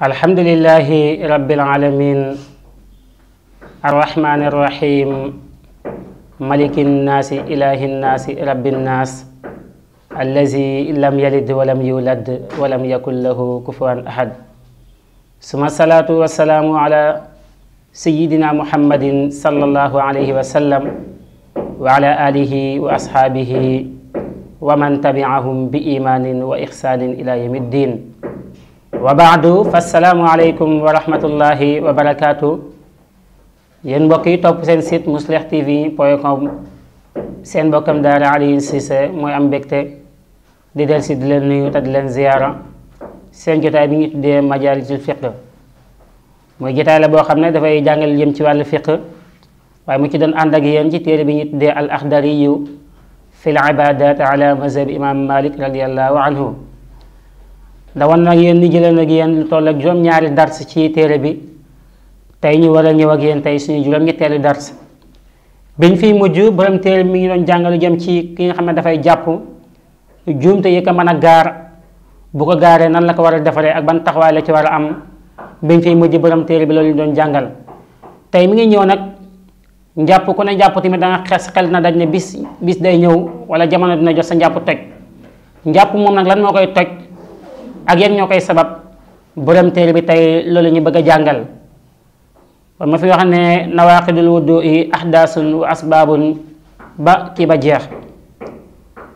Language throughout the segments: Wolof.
الحمد لله رب العالمين الرحمن الرحيم ملك الناس إله الناس رب الناس الذي لم يلد ولم يولد ولم يكن له كفوا أحد ثم الصلاة والسلام على سيدنا محمد صلى الله عليه وسلم وعلى آله وأصحابه ومن تبعهم بإيمان وإحسان إلى يوم الدين wa baadu fassalaamu aleykum wa rahmatullahi wa barakaatu yéen mbokk yi topp seen site muslih tv point com seen mbokkam daara Alioune Cissé mooy am mbégte di del si di leen nuyu ta di leen ziyaara seen jotaay bi ñu tuddee majaalisul mooy jotaay la boo xam ne dafay jàngal jëm ci wàllu fiqh waaye mu ci doon ànd ak yéen ci téere bi ñu tuddee al axdariyu fi l ibadat ala mazhabi imam malik radiallahu anhu dawoon nag yéen ni jëlee nag yéen lu toll ak juróom-ñaari dars ci téere bi tey ñu war a ñëw ak yéen tey suñu juróom-ñetteelu dars biñ mujj borom téere mi ngi doon jàngalu jëm ci ki nga xam ne dafay jàpp juumte yi ko mën a gaar bu ko gaaree nan la ko war a defaree ak ban taxawaay ci war a am biñ fiy mujj borom téere bi loolu ñu doon jàngal tey mi ngi ñëw nag njàpp ku ne njàpp tamit danga xes xel na daj ne bis bis day ñëw wala jamono dina jox sa njàpp toj njàpp moom nag lan moo koy toj ak yan ñoo koy sabab borom téere bi tey loolu ñu bëgg a jàngal kon ma fi wax ne nawaaqidul wudu'i ahdaasun wa asbaabun ba kii ba jeex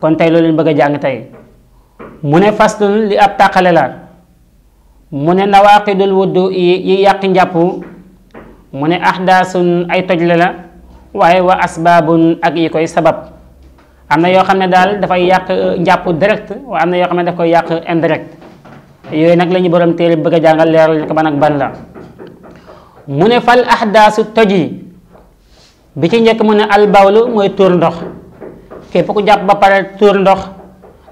kon tey loolu ñu bëgg a jàng tey mu ne faslun li ab tàqale la mu ne nawaaqidul wudu'i yi yàq njàpp mu ne ahdaasun ay tojle la waaye wa asbaabun ak yi koy sabab am na yoo xam ne daal dafay yàq njàpp direct waa am na yoo xam ne daf koy yàq indirect yooyu nag la ñu borom téere bëgg a jàngal leeral ko ban ak ban la mu ne fal ahdaasu toj yi bi ci njëkk mu ne albawlu mooy tuur ndox képp ku jàpp ba pare tuur ndox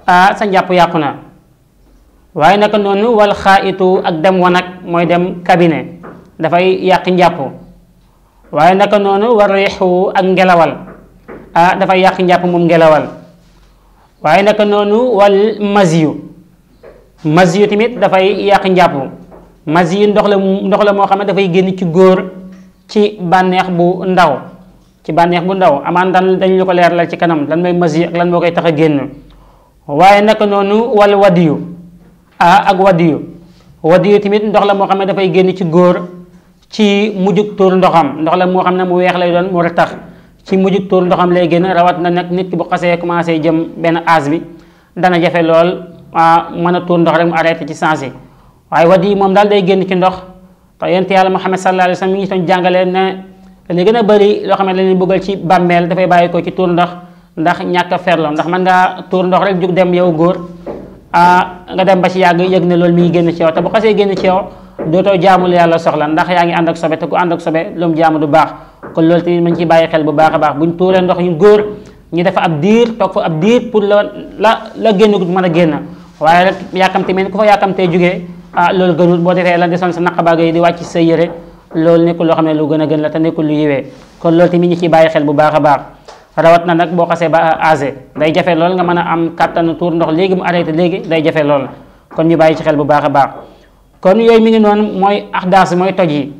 a sa njàpp yàqu na waaye naka noonu wal xaayitu ak dem wanag mooy dem kabine dafay yàq njàpp waaye naka noonu war riixu ak ngelawal dafay yàq njàpp moom ngelawal wal masiyu mas yu tamit dafay yàq njàpp mas ndox la ndox la moo xam ne dafay génn ci góor ci bànneex bu ndaw ci bànneex bu ndaw amaan daan dañu ci kanam lan mooy mas yi moo koy tax a génn waaye naka noonu wal wadiyu ak wadiyu wadiyu tamit ndox la moo xam ne dafay génn ci góor ci mujjug tuur ndoxam ndox la moo xam ne mu weex lay doon mu tax ci mujjug tuur ndoxam lay génn rawat na nag nit ki bu xasee commencé jëm benn âge bi dana jafe lool mën a tuur ndox rek mu arrêté ci changé waaye wadi moom daal day génn ci ndox te yonent yàlla Muhammad sallallahu alayhi wa sallam mi ngi doon jàngale ne li gën a bari loo xam ne dañuy bëggal ci bàmmeel dafay bàyyi ko ci tuur ndox ndax ñàkk a ferlo ndax man ngaa tuur ndox rek jug dem yow góor nga dem ba ci yàgg yëg ne loolu mi ngi génn ci yow te bu xasee génn ci yow dootoo jaamul yàlla soxla ndax yaa ngi ànd ak sobe te ku ànd ak sobe lu mu jaamu du baax kon loolu ci bàyyi xel bu baax a baax buñ tuuree ndox ñu góor ñu dafa ab diir toog fa ab diir la la la génn gu mën a waaye rek yàkkamte mel ku fa yàkkamtee jógee ah loolu gënul boo defee la desoon sa naqabaaga yi di wàcc sa yére loolu nekkul loo xam ne lu gën a gën la te nekkul lu yiwee kon loolu tamit ñi ci bàyyi xel bu baax a baax rawat na nag boo xasee ba ah, âgé day jafe lool nga mën a am kàttanu tuur ndox léegi mu arrêté léegi day jafe lool kon ñu bàyyi ci xel bu baax a baax kon yooyu mi ngi noonu mooy ahdaas mooy toj yi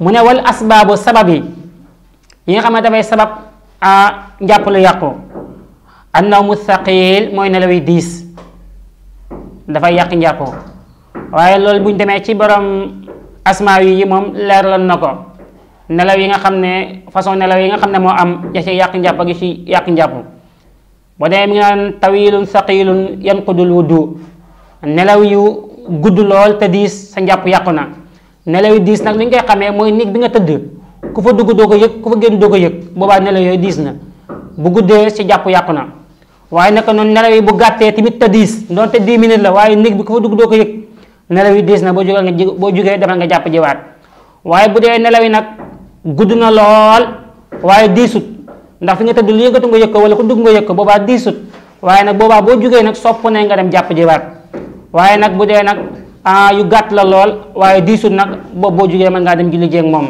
mu ne wal asbaabu sabab yi yi nga xam ne dafay sabab a ah, njàpp lu yàqu annaw mu thaqil mooy nelaw yi dafay yàq njàppoo waaye lool bu ñu demee ci borom asmaa yi moom leer leeraloon na ko nelaw yi nga xam ne façon nelaw yi nga xam ne moo am ya ci yàq njàpp gi ci yàq njàpp boo demee mi ngi naan tawilun saqilun yanqudul wuddu nelaw yu gudd lool te diis sa njàpp yàqu na nelaw yu diis nag li ñu koy xamee mooy néeg bi nga tëdd ku fa dugg doo ko yëg ku fa génn doo ko yëg boobaa nelaw yooyu diis na bu guddee si jàpp yàqu na waaye naka noonu nelaw yi bu gàttee tamit te diis doonte 10 minutes la waaye néeg bi ko fa dugg doo ko yëg nelaw yi diis na boo jógee nga boo jógee demal nga jàpp jiwaat waaye bu dee nelaw yi nag gudd na lool waaye diisut ndax fi nga tëdd lu nga yëg wala ku dugg nga yëg ko boobaa diisut waaye nag boobaa boo jógee nag sopp ne dem jàpp jiwaat waaye nag bu dee nag yu gàtt la lool waaye diisut nag boobu boo jógee mën ngaa dem julli jéeg moom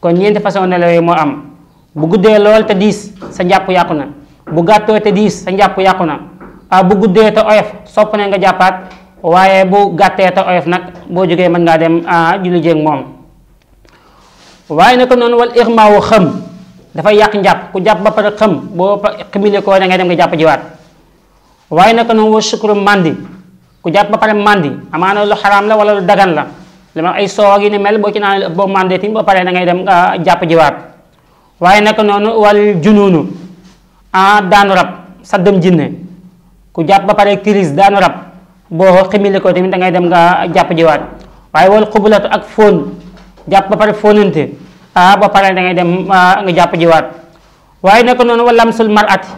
kon ñeenti façon nelaw yi moo am bu guddee lool te diis sa jàpp yàqu na bu gàttoo te diis sa njàpp yàqu na ah bu guddee te oyof sopp ne nga jàppaat waaye bu gàttee te oyof nag boo jógee mën ngaa dem ah, julli jéeg moom waaye nag noonu wal irmaawu xëm dafay yàq njàpp ku jàpp ba pare xëm boo ximile ko da ngay dem nga jàpp jiwaat waaye nag noonu wa màndi ku jàpp ba pare màndi amaana lu xaraam la wala lu dagan la li ma ay soow yi ne mel boo ci naan boo màndee tim ba pare da ngay dem nga jàpp jiwaat waaye nag noonu wal junuunu ah daanu rab saddam jinne ku jàpp ba pare crise daanu rab boo ximile ko tamit da ngay dem nga jàpp jiwaat waaye wal xubulatu ak fóon jàpp ba pare fóonante ba pare da ngay dem nga jàpp jiwaat waaye nekk noonu wala lamsul mar'ati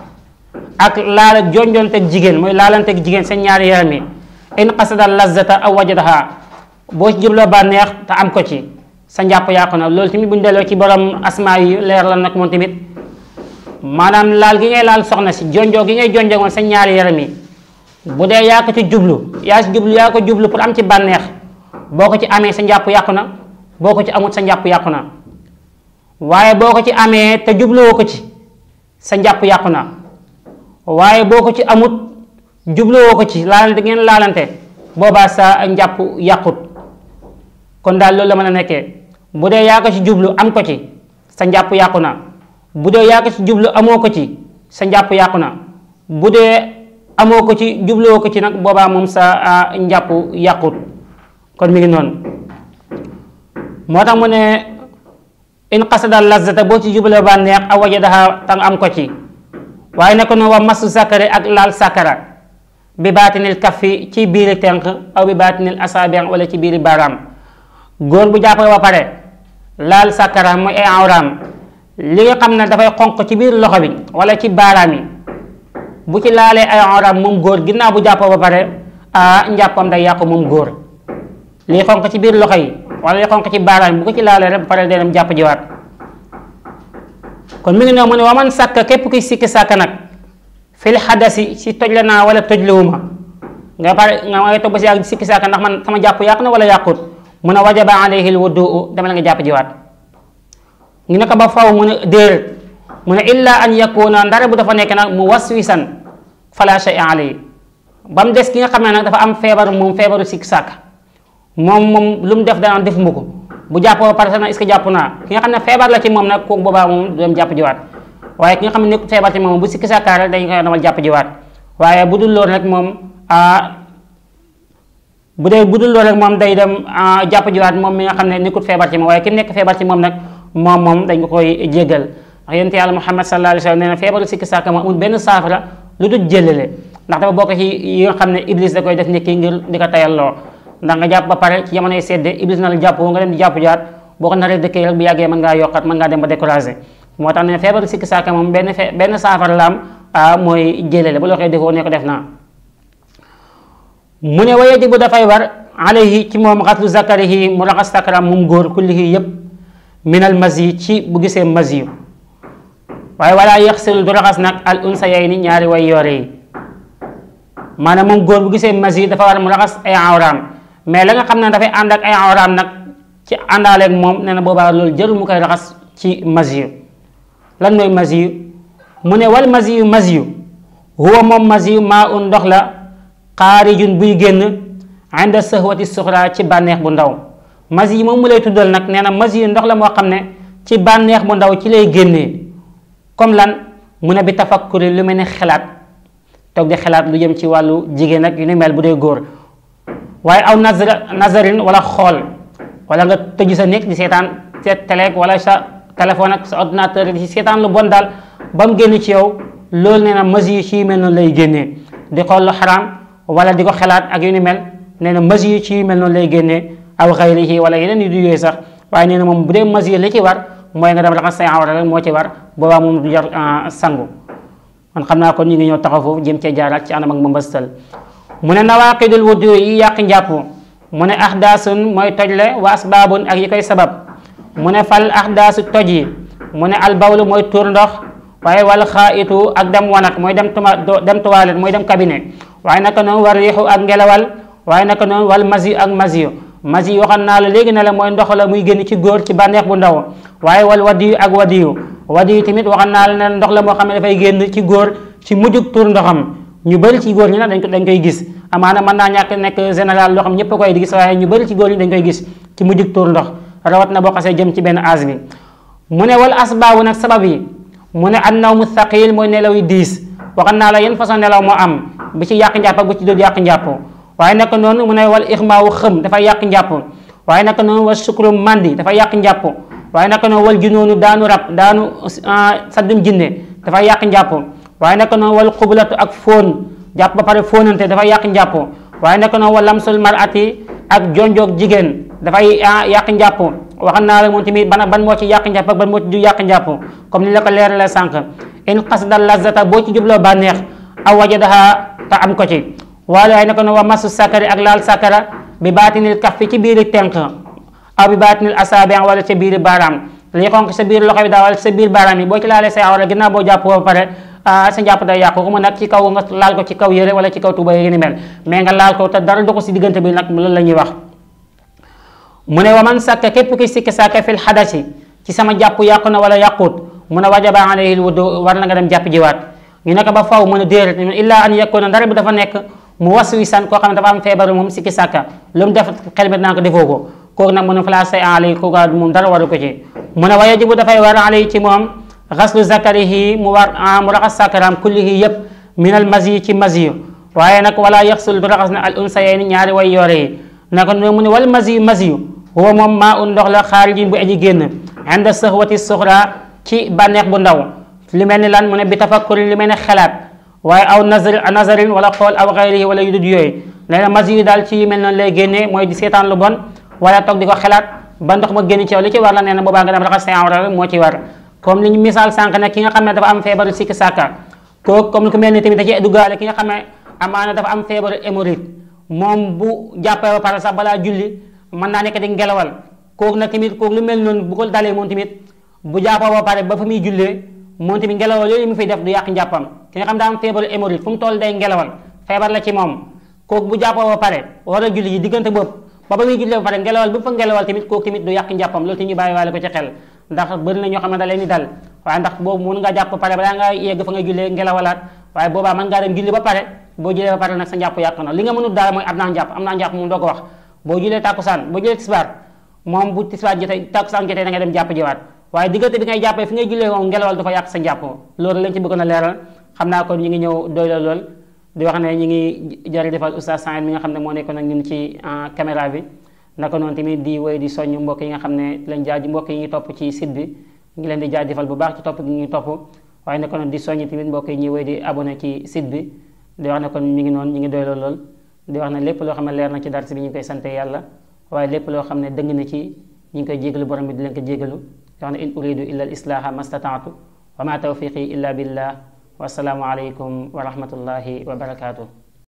ak laala jonjonteeg jigéen mooy laalanteeg jigéen seen ñaari yaram yi in qasada lazzata aw wajadaha boo ci jubloo bànneex te am ko ci sa njàpp yàqu na loolu tamit bu ñu delloo ci borom asmaa yi leer la nag moom tamit maanaam laal gi ngay laal soxna si jonjoo gi ngay jonjogoon sa ñaari yaram yi bu dee yàq ko ci jublu yaa si jublu yaa am ci bànneex boo ko ci amee sa njàpp yàqu na boo ko ci amut sa njàpp yàqu na waaye boo ko ci amee te jubluwoo ko ci sa njàpp yàqu na waaye boo ko ci amut jubluwoo ko ci laalante ngeen laalante boobaa sa njàpp yàqut kon daal loolu la mën a nekkee bu dee yaa ci jublu am ko ci sa njàpp yàqu na bu dee yaa ko ci jublu amoo ko ci sa njàpp yàqu na bu dee amoo ko ci jubloo ko ci nag boobaa moom sa njàpp yàqut kon mi ngi noonu moo tax mu ne in qasada lazata boo ci jubloo ba neex a wajadaha ta nga am ko ci waaye nekk noonu wa masu sàkkare ak laal sàkkara bi baatinil kaffi ci biiri tenq aw bi baatinil asaabiyan wala ci biiri baaraam góor bu jàppee ba pare laal sàkkara muy ay awraam li nga xam na dafay xonq ci biir loxo bi wala ci baaraam yi bu ci laalee ay awraam moom góor ginnaaw bu jàppoo ba pare a njàppam day yàqu moom góor li xonq ci biir loxo yi wala li xonq ci baaraam yi bu ko ci laalee rek ba pare day dem jàpp jiwaat kon mi ngi noonu mu ne waa man sàkk képp kuy sikki sàkk nag fil xadasi si toj la naa wala toj liwuma nga pare nga ngay toog ba si yàgg sikki sàkk ndax man sama jàpp yàq na wala yàqut mun a wajaba alayhi al wudu dama la jàpp jiwaat ñu ne ko ba faw mu ne déer mu ne illa an naa ndara bu dafa nekk nag mu waswisan fala shay alayhi ba mu des ki nga xam ne nag dafa am feebar moom feebaru sikk sàkk moom moom lu mu def danaan defuma ko bu jàppoo pare sax na est jàpp naa ki nga xam ne feebar la ci moom nag kooku boobaa moom doom jàpp jiwaat waaye ki nga xam ne nekkul feebar ci moom bu sikk sàkkaar rek dañ koy damal jàpp jiwaat waaye bu dul loolu rek moom ah, bu dee bu dul loolu rek moom day dem ah, jàpp jiwaat moom mi nga xam ne nekkul feebar ci moom waaye ki nekk feebar ci moom nag moom moom dañ ko koy jéggal ndax yonent yàlla Muhammad sallallahu alayhi wa sallam nee na feebaru sikki sàkk moom amul benn saafara lu dul jëlale ndax dafa bokk ci yi nga xam ne Iblis da koy def nit ki ngir di ko loo ndax nga jàpp ba pare ci jamonoy sedde Iblis na la jàpp nga dem di jàpp jaat boo ko naree dëkkee rek bu yàggee mën ngaa yokkaat mën ngaa dem ba découragé moo tax ne feebaru sikki sàkk moom benn benn saafara la a mooy jëlale bu la koy defoo ne ko def naa mu ne waye di bu dafay war alayhi ci moom xatlu zakarihi minal masi ci bu gisee masi yu waaye wala yaxsilul du raxas nag al unsa yay ni ñaari way yoore yi maanaam moom góor bu gisee masi dafa war mu raxas ay awraam mais la nga xam ne dafay ànd ay awraam nag ci àndaaleeg moom nee na boobaa loolu jarul koy raxas ci masi yu lan mooy masi yu mu ne wal masi yu masi yu huwa moom masi yu maa un ndox la xaarijun buy génn ànd sëxwati suxra ci bànneex bu ndaw mas yi moom mu lay tuddal nag nee na mas yi ndox la moo xam ne ci bànneex bu ndaw ci lay génnee comme lan mu ne bi tafakkuri lu mel ne xelaat toog di xelaat jëm ci wàllu jigéen ak mel bu dee góor waaye aw nazar wala xool wala nga tëju sa néeg di seetaan sa wala sa téléphone sa ordinateur di seetaan lu bon daal ba mu génn ci yow loolu nee na mas yi ci noonu lay génnee di xool wala di ko xelaat ak yu ni nee na mas yi ci mel noonu lay génnee aw xayrihi wala yeneen yu du yooyu sax waaye nee moom bu dee masir li ci war mooy nga dem raxas say awra moo ci war boobaa moom du jar ah, sangu naa kon ñu ngi ñëw taxaw foofu jëm ci anam ak mbambastal mu ne nawaaqidul wudu yi yàq njàpp mu ne ahdaasun mooy tojle wa asbaabun ak yi koy sabab mu ne fal ahdaasu toj yi mu ne albawlu mooy tuur ndox waaye wal xaayitu ak dem wanag mooy dem tuma dem mooy dem cabinet waaye naka noonu war riixu ak ngelawal waaye naka noonu wal masiyu ak masiyu masi waxoon naa la léegi ne la mooy ndox la muy génn ci góor ci bànneex bu ndaw waaye wal wadiyu ak wadiyu wadiyu tamit waxoon naa ñu bëri ci góor ñi nag dañ koy gis naa ñàkk nekk général loo xam ñëpp a koy gis waaye ñu bëri ci góor ñi dañ koy gis ci mujjug tur na boo xasee jëm ci benn âge bi mu ne wal asbaabu nag am bi ci yàq njàpp ak ci dul yàq njàpp waaye naka noonu mu ne wal ixmaawu xëm dafa yàq njàpp waaye naka noonu wal sukru mandi dafa yàq njàpp waaye naka noonu wal junoonu daanu rab daanu ah, saddum jinne dafa yàq njàpp waaye naka noonu wal xublatu ak fóon jàpp ba pare fóonante dafa yàq njàpp waaye naka noonu wal lamsul marati ak jonjook jigéen dafay ah, yàq njàpp waxal naa la moom tamit ban ban moo ci yàq njàpp ban moo ci du yàq njàpp comme ni la ko leeralee sànq in qasdal lazata boo ci jubloo bànneex aw wajadaha te am ko ci waaye naka ne wa masu sakari ak laal sakara bi baatinil kaf fi ci biiri tenq aw bi baatinil asaabi wala ca biiri baaraam li xonk sa biir loxo bi daa wala sa biir baaraam yi boo ci laalee say awra ginnaaw boo jàpp ba pare ah, sa njàpp day yàqu ko ci kaw nga laal ko ci kaw yére wala ci kaw tuba yi ni mel mais nga laal ko te dara du bi nag la ñuy mu ne wa man sàkka képp ki sikki sàkka fil xadasi ci sama jàpp yàqu na wala yàquut mu ne wajaba alayhi wudu war na nga dem jàpp jiwaat ñu ne ko ba faw mu ne déer illaa an yakuna ndara bi dafa nekk mu waswisan koo xam ne dafa am feebaru moom sikki sàkka lu mu def xel mi naa ko defoo ko kooku nag mënu falaa say alay kooka moom dara waru ko ci mu ne waaye jibu dafay war alay ci moom xaslu zakarihi mu war ah, mu raxas sàkkaraam kullihi yëpp minal masi ci masi waaye nag wala yaxsul du raxas na al unsayayni ñaari way yoore yi naka noonu mu ne wal masi masi huwa moom maa un ndox la xaarijin bu aji génn inda sëxwati suxra ci bànneex bu ndaw li mel ni lan mu ne bi tafakkuri li mel ni xelaat waaye aw nazar nazarin wala xool aw xayri wala yu dut yooyu nee na daal ci yu mel noonu lay génnee mooy di seetaan lu bon wala toog di ko xalaat ba ndox ma génn ci yow li war la nee na boobaa nga dem raxas sa awra moo xam ne dafa am feebaru sikki mel ni tamit da ci duggaale xam ne amaana dafa am feebaru hémorroïde moom bu jàppee ba pare sax balaa julli mën naa nekk di ngelawal kooku nag tamit kooku lu mel noonu bu ko dalee moom tamit bu jàppoo ba pare ba fa muy jullee moom tamit ngelaw yooyu mu fiy def du yàq njàppam ki nga xam daa am feebaru hémorroïde fu mu toll day ngelawal feebar la ci moom kooku bu jàppoo ba pare war a julli ji diggante bopp ba ba muy julli ba pare fa ngelawal tamit kooku tamit du yàq njàppam loolu tamit ñu bàyyi waale ko ci xel ndax bëri ñoo xam ne da leen di dal waaye ndax boobu mën ngaa jàpp ba pare balaa ngaa yegg fa nga jullee ngelawalaat waaye boobaa mën ngaa dem julli ba pare boo jullee ba pare nag na li nga mënul daal mooy am naa njàpp am naa njàpp moom doo ko wax boo jullee tàkkusaan boo moom bu tisbaar jotee tàkkusaan jotee da nga dem jàpp jiwaat waaye diggante bi ngay jàppee fi ngay jullee moom ngelawal dafa yàq sa njàpp loolu lañ ci bëggoon a leeral xam naa kon ñu ngi ñëw doy la lool di wax ne ñu ngi jërëjëfal oustaz Saïd mi nga xam ne moo nekkoon ak ñun ci ah, caméra bi naka noonu tamit di woy di soññ mbokk yi nga xam ne lañ jaaj mbokk yi ñu topp ci site bi ngi leen di jaajëfal bu baax topp gi ñu topp waaye naka noonu di tamit mbokk yi ñuy woy di abonné ci site bi di wax kon mi ngi noonu ñu ngi doy lool di wax ne lépp loo xam ne leer na ci dars bi ñu ngi koy sante yàlla waaye lépp loo xam ne dëng na ci ñu ngi koy jégalu borom bi di leen ko jégalu tax na in uridu illa al islaaha mastataatu wa ma tawfiqi illa billah wa assalaamu aleykum wa rahmatullahi wa barakaatuh